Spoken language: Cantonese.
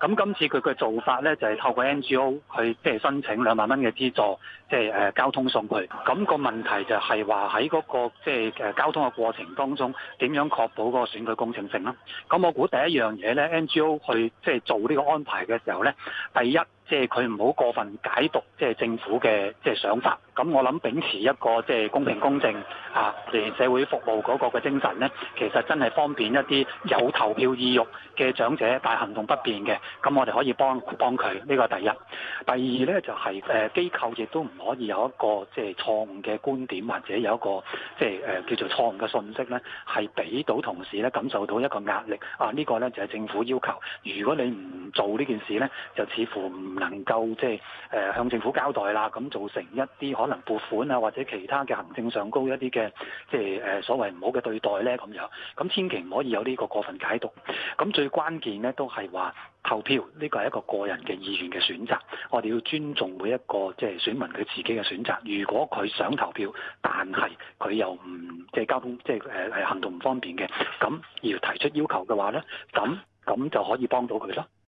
咁今次佢嘅做法呢，就係、是、透過 NGO 去即係申請兩萬蚊嘅資助，即係誒交通送佢。咁、那個問題就係話喺嗰個即係誒交通嘅過程當中，點樣確保個選舉公正性啦？咁我估第一樣嘢呢，NGO 去即係、就是、做呢個安排嘅時候呢，第一。即係佢唔好過分解讀，即係政府嘅即係想法。咁我諗秉持一個即係公平公正啊，嚟社會服務嗰個嘅精神咧，其實真係方便一啲有投票意欲嘅長者，但係行動不便嘅，咁我哋可以幫幫佢，呢個第一。第二咧就係誒機構亦都唔可以有一個即係錯誤嘅觀點，或者有一個即係誒叫做錯誤嘅信息咧，係俾到同事咧感受到一個壓力啊！呢個咧就係政府要求，如果你唔做呢件事咧，就似乎唔能夠即係誒向政府交代啦，咁造成一啲可能撥款啊或者其他嘅行政上高一啲嘅即係誒所謂唔好嘅對待咧咁樣。咁千祈唔可以有呢個過分解讀。咁最關鍵咧都係話。投票呢個係一個個人嘅意願嘅選擇，我哋要尊重每一個即係、就是、選民佢自己嘅選擇。如果佢想投票，但係佢又唔即係交通即係誒誒行動唔方便嘅，咁要提出要求嘅話咧，咁咁就可以幫到佢咯。